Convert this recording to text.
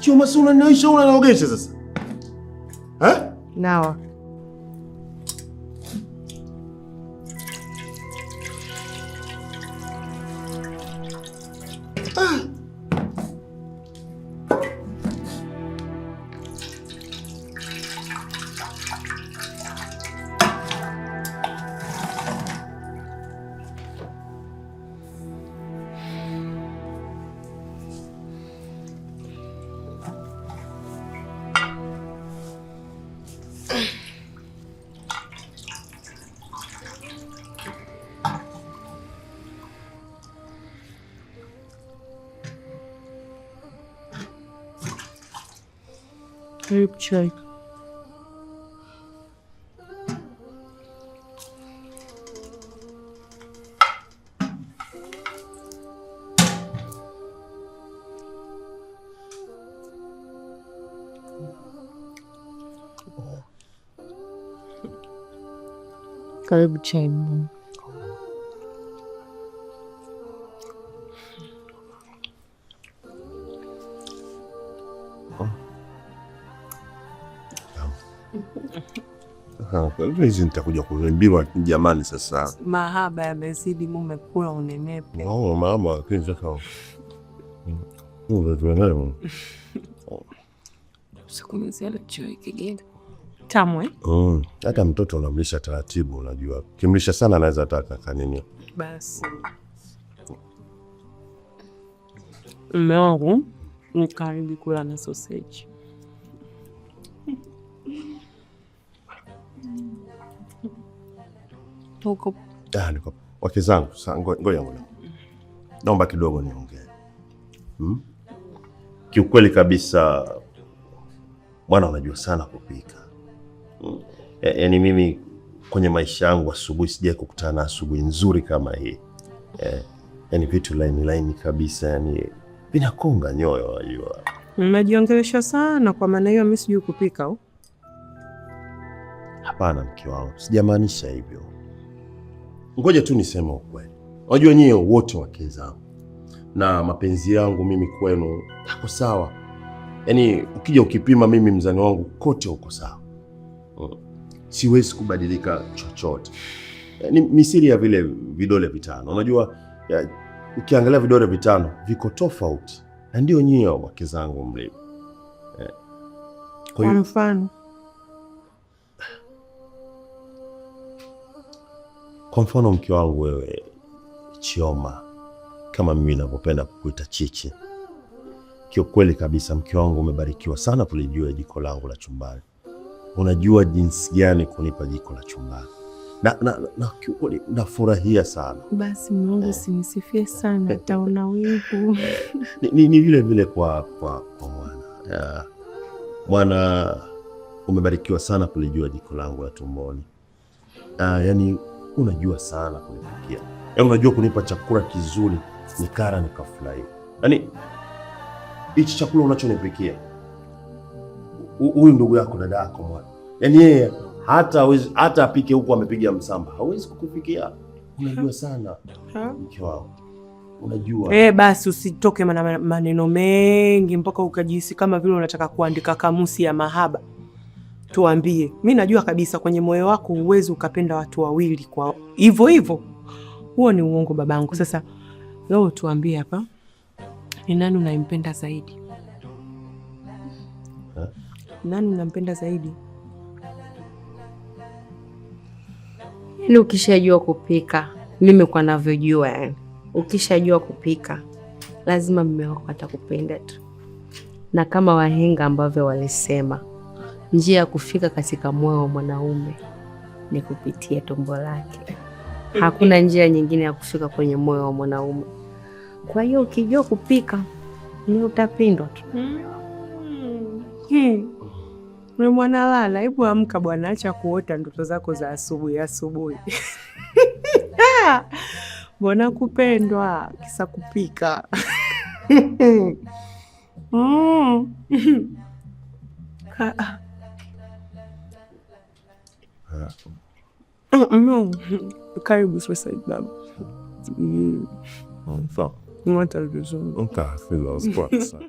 Chuma, si unaniisha unanaogesha sasa eh? Nawa ah. Şöyle check. çay. Şöyle hizi nitakuja kuimbiwa jamani. Sasa mahaba yamezidi, mumekula unenepe. Mama, lakini sasa eh? mm. hata mtoto unamlisha taratibu, unajua kimlisha sana anaweza taka nini. Basi mume wangu nikaribi kula na soseji Ah, niko. Wake zangu, ngoja ngoja. Naomba kidogo niongee. Hmm? Kiukweli kabisa bwana, unajua sana kupika. Hmm. Yaani e, mimi kwenye maisha yangu asubuhi sijai kukutana na asubuhi nzuri kama hii. Eh, yaani vitu laini laini kabisa, yaani vinakonga nyoyo wajua. Mnajiongelesha sana kwa maana hiyo mimi sijui kupika au? Hapana mke wangu, sijamaanisha hivyo. Ngoja tu niseme ukweli. Unajua nyie wote wake zangu na mapenzi yangu mimi kwenu yako sawa, yaani ukija ukipima mimi mzani wangu kote uko sawa, mm. siwezi kubadilika chochote. Ni yaani, misiri ya vile vidole vitano. Unajua ya, ukiangalia vidole vitano viko tofauti, na ndio nyie wake zangu mlivyo. Eh. Kwa mfano Kwa mfano mke wangu wewe Chioma, kama mimi ninavyopenda kukuita Chichi, kiukweli kabisa mke wangu umebarikiwa sana kulijua jiko langu la chumbani. Unajua jinsi gani kunipa jiko la chumbani na, na, na kiukweli nafurahia sana. Basi Mungu eh, simsifie sana taona wivu ni, ni, ni vile vile kwa, kwa, kwa mwana mwana umebarikiwa sana kulijua jiko langu la tumboni. Ah, yani unajua sana kunipikia, yaani unajua kunipa chakula kizuri nikara nikafurahi Yaani hichi chakula unachonipikia huyu ndugu yako dada yako mwana, yaani yeye hata hawezi hata apike huku amepiga msamba hawezi kukufikia Unajua sana mke wao unajua eh. Basi usitoke maneno mengi mpaka ukajihisi kama vile unataka kuandika kamusi ya mahaba tuambie. Mi najua kabisa kwenye moyo wako huwezi ukapenda watu wawili kwa hivyo hivyo, huo ni uongo babangu. Sasa leo tuambie hapa, ni nani unampenda zaidi Nani unampenda zaidi? ni yaani ukishajua kupika, mimi kwa navyojua, yani ukishajua kupika lazima mume wako atakupenda tu, na kama wahenga ambavyo walisema Njia ya kufika katika moyo wa mwanaume ni kupitia tumbo lake. Hakuna njia nyingine ya kufika kwenye moyo wa mwanaume. Kwa hiyo ukijua kupika ni utapindwa tu. We hmm. Hmm. mwanalala, hebu amka bwana, acha kuota ndoto zako za asubuhi asubuhi. Mbona kupendwa kisa kupika? mm. Mwen, karibus wesa idab. Mwen tal vezon.